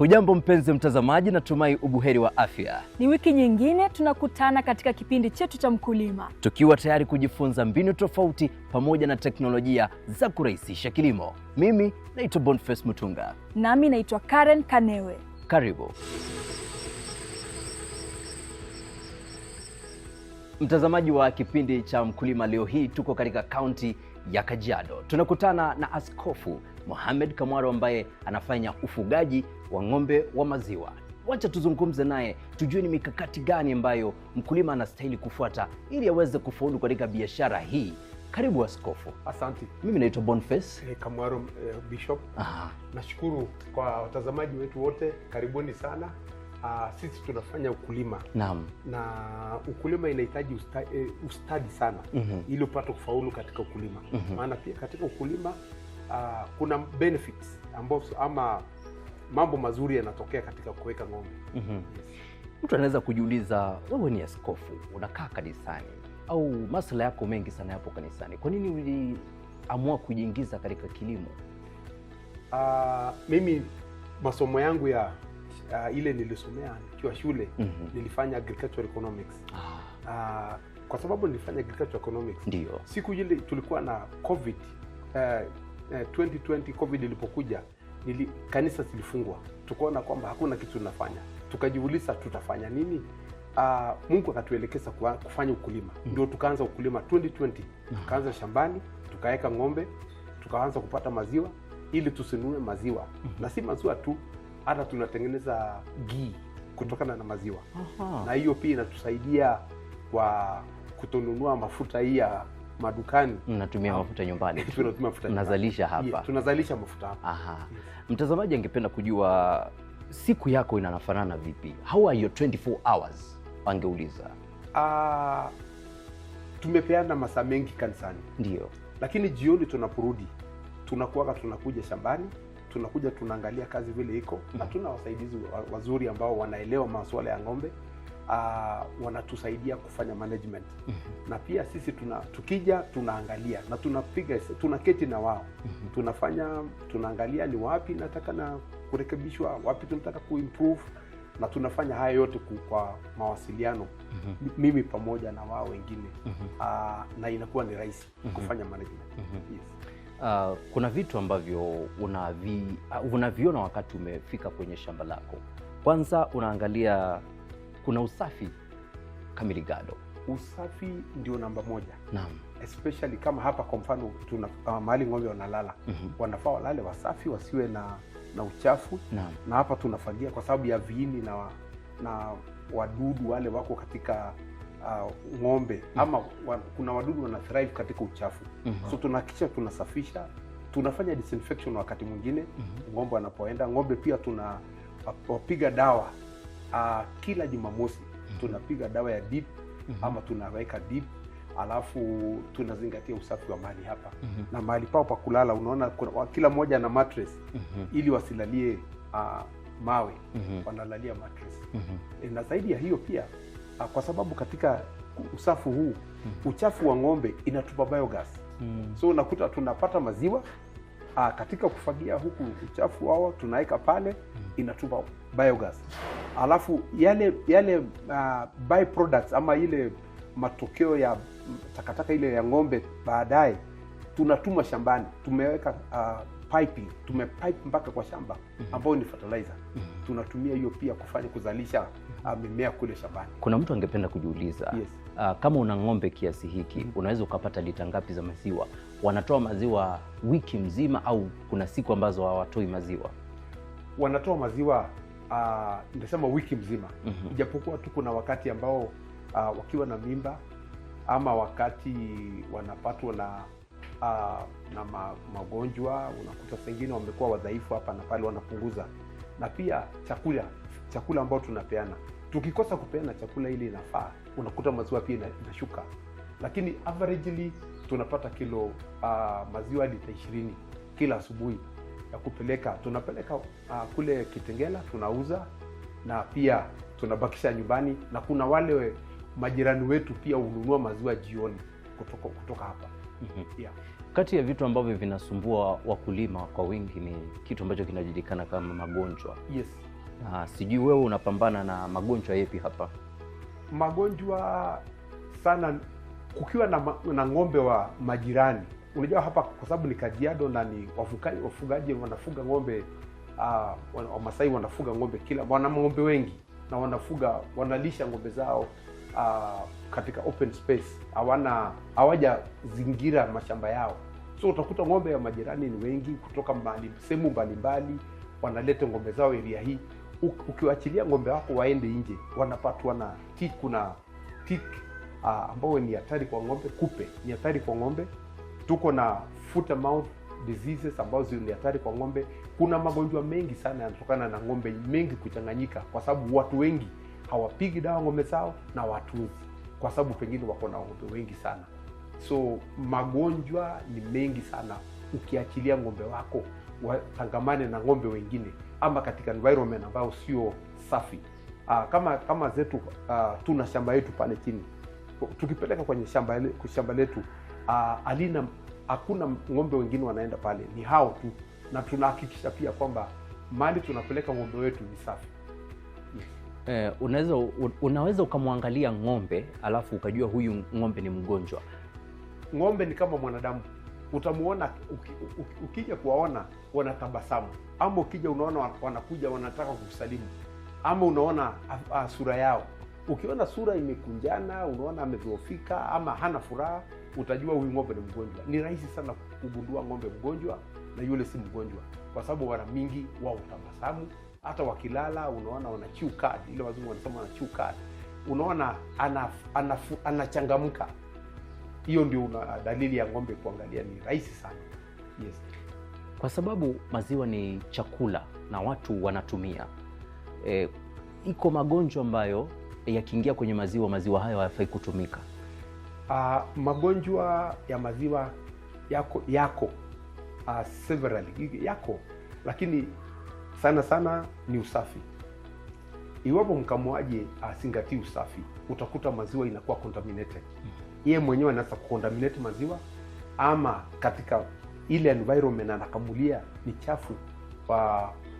Hujambo mpenzi mtazamaji, natumai ubuheri wa afya. Ni wiki nyingine tunakutana katika kipindi chetu cha Mkulima, tukiwa tayari kujifunza mbinu tofauti pamoja na teknolojia za kurahisisha kilimo. Mimi naitwa Bonface Mutunga, nami naitwa Karen Kanewe. Karibu mtazamaji wa kipindi cha Mkulima. Leo hii tuko katika kaunti ya Kajiado, tunakutana na Askofu Mohamed Kamwaro ambaye anafanya ufugaji wa ng'ombe wa maziwa. Wacha tuzungumze naye tujue ni mikakati gani ambayo mkulima anastahili kufuata ili aweze kufaulu katika biashara hii. Karibu Askofu. Asante. Mimi naitwa Boniface e, Kamwaro e, Bishop. Aha. Nashukuru kwa watazamaji wetu wote, karibuni sana. Aa, ah, sisi tunafanya ukulima. Naam. Na ukulima inahitaji usta, e, ustadi sana mm -hmm. ili upate kufaulu katika ukulima mhm. maana mm -hmm. pia katika ukulima uh, kuna benefits ambao ama mambo mazuri yanatokea katika kuweka ng'ombe. mm -hmm. yes. Mtu anaweza kujiuliza, wewe ni askofu, unakaa kanisani au masala yako mengi sana yapo kanisani, kwa nini uliamua kujiingiza katika kilimo? Uh, mimi masomo yangu ya uh, ile nilisomea nikiwa shule mm -hmm. nilifanya agricultural economics ah. uh, kwa sababu nilifanya agricultural economics ndio siku ile tulikuwa na covid uh, uh, 2020 covid ilipokuja ili kanisa zilifungwa, tukaona kwamba hakuna kitu tunafanya, tukajiuliza tutafanya nini? Uh, Mungu akatuelekeza kufanya ukulima mm. Ndio tukaanza ukulima 2020 mm. Tukaanza shambani tukaweka ng'ombe tukaanza kupata maziwa ili tusinunue maziwa mm -hmm. Na si maziwa tu, hata tunatengeneza gii kutokana na maziwa Aha. Na hiyo pia inatusaidia kwa kutonunua mafuta hii ya madukani, mnatumia mafuta nyumbani, tunatumia hapa yeah, tunazalisha mafuta hapa. Aha, yes. Mtazamaji angependa kujua siku yako inanafanana vipi? How are your 24 hours? Angeuliza. Uh, tumepeana masaa mengi kanisani, ndio, lakini jioni tunaporudi tunakuaga tunakuja shambani tunakuja tunaangalia kazi vile iko, na mm-hmm. tuna wasaidizi wazuri ambao wanaelewa masuala ya ng'ombe uh, wanatusaidia kufanya management mm -hmm. na pia sisi tuna, tukija tunaangalia na tunapiga tunaketi na wao mm -hmm. tunafanya tunaangalia ni wapi nataka na kurekebishwa, wapi tunataka kuimprove na tunafanya haya yote kwa mawasiliano mm -hmm. mimi pamoja na wao wengine mm -hmm. uh, na inakuwa ni rahisi mm -hmm. kufanya management mm -hmm. yes. Uh, kuna vitu ambavyo unavi, uh, unaviona wakati umefika kwenye shamba lako. Kwanza unaangalia kuna usafi kamili gado. Usafi ndio namba moja. Naam. Especially kama hapa kwa mfano tuna uh, mahali ng'ombe wanalala mm -hmm. wanafaa walale wasafi wasiwe na na uchafu na, na hapa tunafagia kwa sababu ya viini na, na wadudu wale wako katika uh, ng'ombe mm -hmm. ama wa, kuna wadudu wana thrive katika uchafu mm -hmm. so tunahakikisha tunasafisha tunafanya disinfection wakati mwingine mm -hmm. ng'ombe wanapoenda ng'ombe pia tuna ah, wapiga dawa uh, kila Jumamosi mm -hmm. tunapiga dawa ya dip mm -hmm. ama tunaweka dip alafu tunazingatia usafi wa mali hapa mm -hmm. na mahali pao pa kulala, unaona kuna, kila mmoja ana matres mm -hmm. ili wasilalie uh, mawe mm -hmm. wanalalia matre mm -hmm. e, na zaidi ya hiyo pia uh, kwa sababu katika usafu huu mm -hmm. uchafu wa ng'ombe inatupa biogas mm -hmm. so unakuta tunapata maziwa uh, katika kufagia huku uchafu wao tunaweka pale mm -hmm. inatupa biogas alafu yale yale uh, byproducts ama ile matokeo ya takataka ile ya ng'ombe baadaye tunatuma shambani. Tumeweka uh, piping, tumepipe mpaka kwa shamba mhm. ambayo ni fertilizer. Mhm. Tunatumia hiyo pia kufanya kuzalisha uh, mimea kule shambani. Kuna mtu angependa kujiuliza yes. Uh, kama una ng'ombe kiasi hiki mm -hmm. unaweza ukapata lita ngapi za maziwa? Wanatoa maziwa wiki mzima au kuna siku ambazo hawatoi maziwa? Wanatoa maziwa uh, wiki mzima mm -hmm. Ijapokuwa tu kuna wakati ambao uh, wakiwa na mimba ama wakati wanapatwa na uh, na ma, magonjwa unakuta sengine wamekuwa wadhaifu hapa na pale, wanapunguza na pia chakula chakula ambao tunapeana, tukikosa kupeana chakula ili inafaa, unakuta maziwa pia inashuka, lakini averagely tunapata kilo uh, maziwa hadi ishirini kila asubuhi ya kupeleka, tunapeleka uh, kule Kitengela tunauza na pia tunabakisha nyumbani, na kuna wale majirani wetu pia hununua maziwa jioni kutoka, kutoka hapa mm -hmm. yeah. Kati ya vitu ambavyo vinasumbua wakulima kwa wingi ni kitu ambacho kinajulikana kama magonjwa yes. Na ah, sijui wewe unapambana na magonjwa yepi hapa? Magonjwa sana kukiwa na, na ng'ombe wa majirani unajua hapa kwa sababu ni Kajiado na ni wafugaji, wafugaji wanafuga ng'ombe uh, ah, Wamasai wanafuga ng'ombe kila, wana ng'ombe wengi na wanafuga wanalisha ng'ombe zao uh, katika open space, hawana hawajazingira mashamba yao, so utakuta ng'ombe ya majirani ni wengi kutoka mbali sehemu mbalimbali, wanaleta ng'ombe zao area hii. ukiwachilia ng'ombe wako waende nje, wanapatwa na tik, kuna tik uh, ah, ambayo ni hatari kwa ng'ombe, kupe ni hatari kwa ng'ombe tuko na foot and mouth diseases ambazo ni hatari kwa ng'ombe. Kuna magonjwa mengi sana yanatokana na ng'ombe mengi kuchanganyika, kwa sababu watu wengi hawapigi dawa ng'ombe zao na watunzi, kwa sababu pengine wako na ng'ombe wengi sana. So magonjwa ni mengi sana, ukiachilia ng'ombe wako watangamane na ng'ombe wengine ama katika environment ambayo sio safi. uh, kama kama zetu, uh, tuna shamba yetu pale chini, tukipeleka kwenye shamba, shamba letu Ah, alina hakuna ng'ombe wengine wanaenda pale, ni hao tu, na tunahakikisha pia kwamba mali tunapeleka ng'ombe wetu ni safi. Eh, unaweza unaweza ukamwangalia ng'ombe alafu ukajua huyu ng'ombe ni mgonjwa. Ng'ombe ni kama mwanadamu, utamuona ukija kuwaona wanatabasamu, ama ukija unaona wanakuja wanataka kusalimu, ama unaona a, ah, a, ah, sura yao Ukiona sura imekunjana, unaona amedhoofika ama hana furaha, utajua huyu ng'ombe ni mgonjwa. Ni rahisi sana kugundua ng'ombe mgonjwa na yule si mgonjwa, kwa sababu mara mingi wao utabasamu, hata wakilala unaona wana ile wazungu wanasema wana chew unaona anachangamka. Hiyo ndio una dalili ya ng'ombe kuangalia, ni rahisi sana yes. Kwa sababu maziwa ni chakula na watu wanatumia e, iko magonjwa ambayo yakiingia kwenye maziwa, maziwa hayo hayafai kutumika? Uh, magonjwa ya maziwa yako yako uh, yako, lakini sana sana ni usafi. Iwapo mkamuaji asingatii uh, usafi, utakuta maziwa inakuwa contaminated. Mm-hmm. Yeye mwenyewe anaweza kucontaminate maziwa, ama katika ile environment anakamulia ni chafu, uh,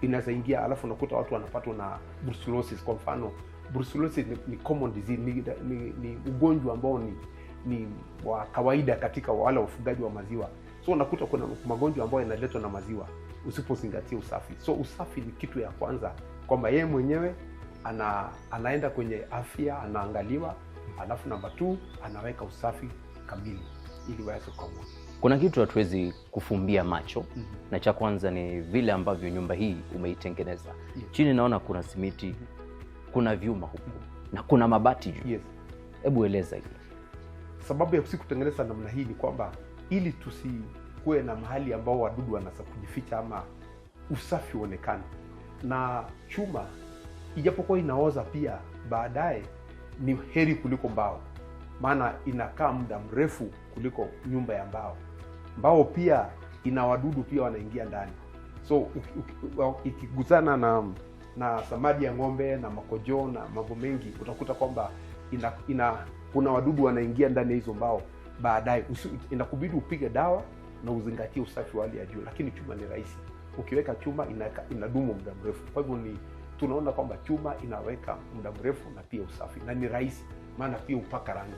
inaweza ingia, alafu unakuta watu wanapatwa na brucellosis kwa mfano brusulosi ni, ni common disease, ni, ni, ni ugonjwa ambao ni ni wa kawaida katika wale wafugaji wa maziwa. So unakuta kuna magonjwa ambayo yanaletwa na maziwa usipozingatia usafi. So usafi ni kitu ya kwanza, kwamba yeye mwenyewe ana, anaenda kwenye afya anaangaliwa, alafu namba tu anaweka usafi kamili ili waweze kukamua. Kuna kitu hatuwezi kufumbia macho mm -hmm. na cha kwanza ni vile ambavyo nyumba hii umeitengeneza. Yeah. Chini naona kuna simiti mm -hmm kuna vyuma huku na kuna mabati juu. Yes. Hebu eleza hili. Sababu ya sisi kutengeneza namna hii ni kwamba ili tusikuwe na mahali ambao wadudu wanaweza kujificha ama usafi uonekane, na chuma ijapokuwa inaoza pia baadaye ni heri kuliko mbao, maana inakaa muda mrefu kuliko nyumba ya mbao. Mbao pia ina wadudu pia wanaingia ndani, so ikiguzana na na samadi ya ng'ombe na makojo na mambo mengi, utakuta kwamba ina, ina kuna wadudu wanaingia ndani ya hizo mbao baadaye, inakubidi upige dawa na uzingatie usafi wa hali ya juu, lakini chuma ni rahisi. Ukiweka chuma inaka, inadumu muda mrefu. Kwa hivyo ni tunaona kwamba chuma inaweka muda mrefu na pia usafi na ni rahisi, maana pia upaka rangi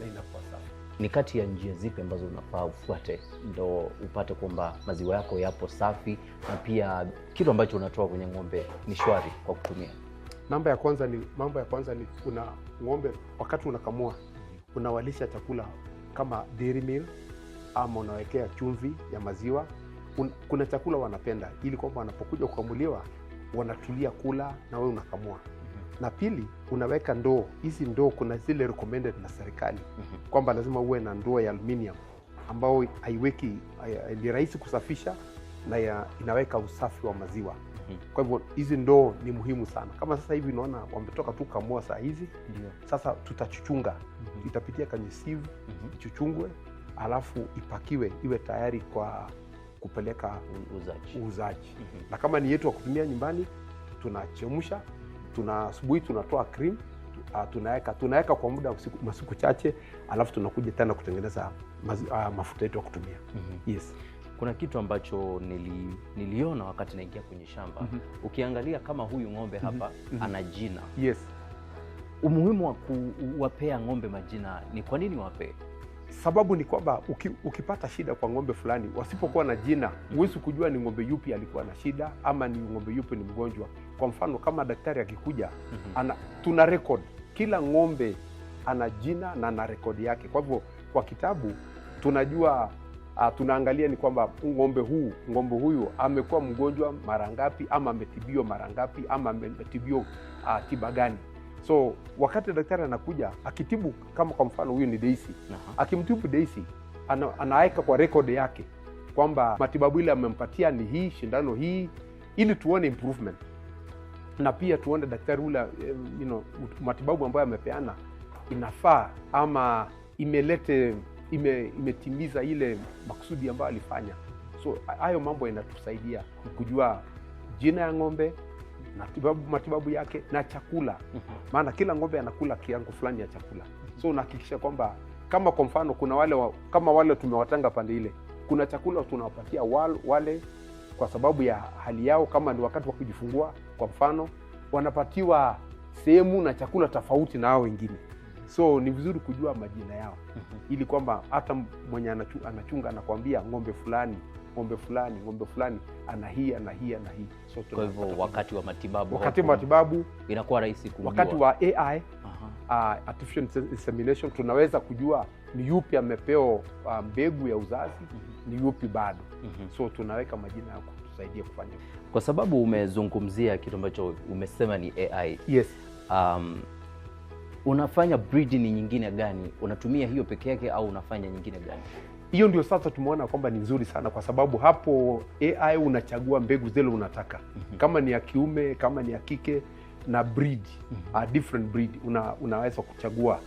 na inakuwa safi ni kati ya njia zipi ambazo unafaa ufuate ndo upate kwamba maziwa yako yapo safi na pia kitu ambacho unatoa kwenye ng'ombe ni shwari kwa kutumia? Namba ya kwanza ni mambo ya kwanza ni una ng'ombe wakati unakamua unawalisha chakula kama meal ama unawekea chumvi ya maziwa un, kuna chakula wanapenda ili kwamba wanapokuja kukamuliwa wanatulia kula na wewe unakamua na pili unaweka ndoo. Hizi ndoo kuna zile recommended na serikali mm -hmm. kwamba lazima uwe na ndoo ya aluminium ambayo haiweki ni rahisi kusafisha na ya, inaweka usafi wa maziwa mm -hmm. Kwa hivyo hizi ndoo ni muhimu sana. Kama sasa hivi unaona wametoka tu kamua saa hizi yeah. Sasa tutachuchunga mm -hmm. itapitia kwenye sieve mm -hmm. ichuchungwe, alafu ipakiwe iwe tayari kwa kupeleka uuzaji. Mm -hmm. Na kama ni yetu wa kutumia nyumbani tunachemsha tuna asubuhi tunatoa cream ah, tunaweka tunaweka kwa muda masiku chache, alafu tunakuja tena kutengeneza ah, mafuta yetu ya kutumia. mm -hmm. Yes, kuna kitu ambacho nili, niliona wakati naingia kwenye shamba. mm -hmm. Ukiangalia kama huyu ng'ombe mhm. hapa mm -hmm. ana jina. Yes, umuhimu wa kuwapea ng'ombe majina ni kwa nini wapee? Sababu ni kwamba uki, ukipata shida kwa ng'ombe fulani wasipokuwa na jina, huwezi kujua ni ng'ombe yupi alikuwa na shida ama ni ng'ombe yupi ni mgonjwa. Kwa mfano kama daktari akikuja, mm -hmm. ana tuna record kila ng'ombe ana jina na ana rekodi yake. Kwa hivyo kwa kitabu tunajua uh, tunaangalia ni kwamba ng'ombe huu ng'ombe huyu amekuwa mgonjwa mara ngapi, ama ametibiwa mara ngapi, ama ametibiwa uh, tiba gani. So wakati daktari anakuja akitibu, kama kwa mfano huyu ni Daisy, akimtibu Daisy ana, anaweka kwa rekodi yake kwamba matibabu ile amempatia ni hii, shindano hii, ili tuone improvement na pia tuone daktari ule eh, you know, matibabu ambayo amepeana inafaa ama imelete ime, imetimiza ile makusudi ambayo alifanya. So hayo mambo inatusaidia kujua jina ya ng'ombe matibabu, matibabu yake na chakula, mhm. maana kila ng'ombe anakula kiango fulani ya chakula. So unahakikisha kwamba kama kwa mfano kuna wale wa, kama wale tumewatanga pande ile, kuna chakula tunawapatia wale, wale kwa sababu ya hali yao, kama ni wakati wa kujifungua kwa mfano, wanapatiwa sehemu na chakula tofauti na hao wengine, so ni vizuri kujua majina yao mhm. ili kwamba hata mwenye anachunga anakwambia ng'ombe fulani ng'ombe fulani ng'ombe fulani ana hii ana hii ana hii. So kwa hivyo wakati wa matibabu, wakati wa matibabu inakuwa rahisi kujua. Wakati wa AI uh, artificial insemination tunaweza kujua ni yupi amepewa uh, mbegu ya uzazi mhm. ni yupi bado mhm. so tunaweka majina yako itakusaidia kufanya. Kwa sababu umezungumzia kitu ambacho umesema ni AI. Yes. Um, unafanya breed ni nyingine gani? Unatumia hiyo peke yake au unafanya nyingine gani? Hiyo ndio sasa tumeona kwamba ni nzuri sana, kwa sababu hapo AI unachagua mbegu zile unataka, mm -hmm. kama ni ya kiume, kama ni ya kike na breed, mm -hmm. a different breed una, unaweza kuchagua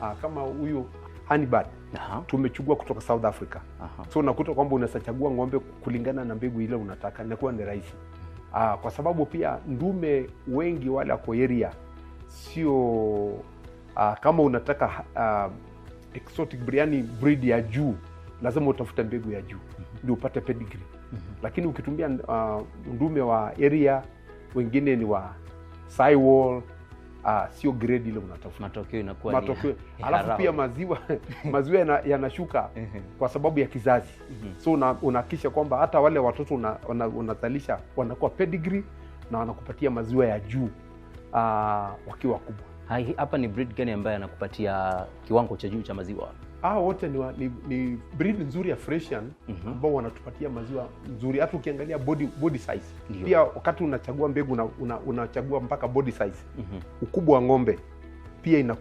a, kama huyu Hannibal Aha. tumechukua kutoka South Africa. Aha. So unakuta kwamba unasachagua ng'ombe kulingana na mbegu ile unataka, inakuwa ni rahisi mm-hmm. Aa, ah, kwa sababu pia ndume wengi wale wako area sio ah, kama unataka aa, ah, exotic yani breed ya juu, lazima utafute mbegu ya juu mm -hmm. ndio upate pedigree mm -hmm. lakini ukitumia uh, ndume wa area wengine ni wa Sahiwal uh, sio grade ile unatafuta, matokeo inakuwa matokeo. Alafu pia maziwa maziwa yanashuka kwa sababu ya kizazi mhm. so una kwamba hata wale watoto unazalisha una, una wanakuwa pedigree na wanakupatia maziwa ya juu uh, wakiwa kubwa. Hapa ni breed gani ambaye anakupatia kiwango cha juu cha maziwa? hawa wote ni, ni, ni breed nzuri ya freshian mhm. ambao mm -hmm. wanatupatia maziwa nzuri. Hata ukiangalia body, body size Ndiyo. pia wakati unachagua mbegu unachagua una mpaka body size mm -hmm. ukubwa wa ng'ombe pia ina,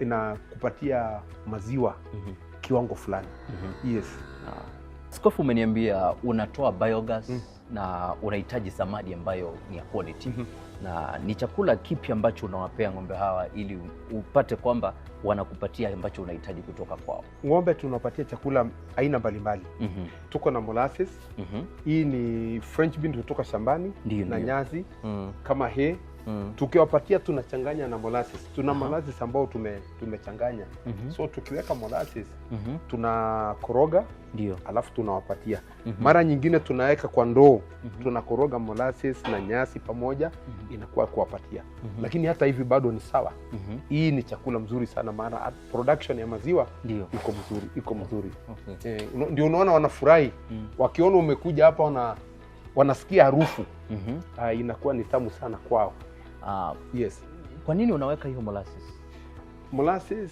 inakupatia maziwa mm -hmm. kiwango fulani mm -hmm. yes. Ah. Skofu, umeniambia unatoa biogas mm na unahitaji samadi ambayo ni ya quality mm -hmm. na ni chakula kipi ambacho unawapea ng'ombe hawa ili upate kwamba wanakupatia ambacho unahitaji kutoka kwao? Ng'ombe tunapatia chakula aina mbalimbali mm -hmm. tuko na molasses mm -hmm. hii ni French bean kutoka shambani ndiyo, na ndiyo. nyazi mm -hmm. kama he mm. Tukiwapatia tunachanganya na molasses. Tuna uh molasses ambao tume, tumechanganya mm -hmm. So tukiweka molasses mm -hmm. tunakoroga ndio, alafu tunawapatia mm -hmm. Mara nyingine tunaweka kwa ndoo mm -hmm. tunakoroga molasses na nyasi pamoja mm -hmm. inakuwa kuwapatia mm -hmm. Lakini hata hivi bado ni sawa mm -hmm. Hii ni chakula mzuri sana, maana production ya maziwa ndio iko mzuri, iko mzuri okay. Eh, ndio unaona wanafurahi mm. wakiona umekuja hapa wana wanasikia harufu mm -hmm. Uh, inakuwa ni tamu sana kwao. Uh, yes. Kwa nini unaweka hiyo molasses? Molasses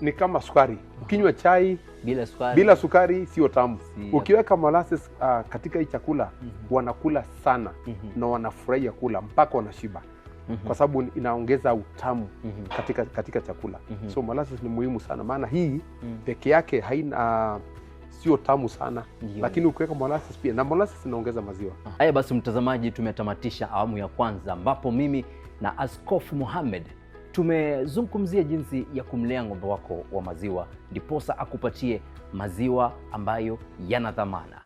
ni kama sukari. Ukinywa chai bila sukari, bila sukari sio tamu. Siyo. Ukiweka molasses uh, katika hii chakula mm -hmm. wanakula sana mm -hmm. na wanafurahia kula mpaka wanashiba mm -hmm. kwa sababu inaongeza utamu mm -hmm. katika, katika chakula mm -hmm. so molasses ni muhimu sana, maana hii mm -hmm. peke yake haina uh, sio tamu sana Ndiyo. Lakini ukiweka molasses pia, na molasses inaongeza maziwa. Haya basi, mtazamaji, tumetamatisha awamu ya kwanza ambapo mimi na Askofu muhamed tumezungumzia jinsi ya kumlea ng'ombe wako wa maziwa ndiposa akupatie maziwa ambayo yana dhamana.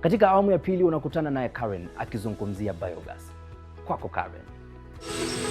Katika awamu ya pili unakutana naye Karen akizungumzia biogas. Kwako Karen.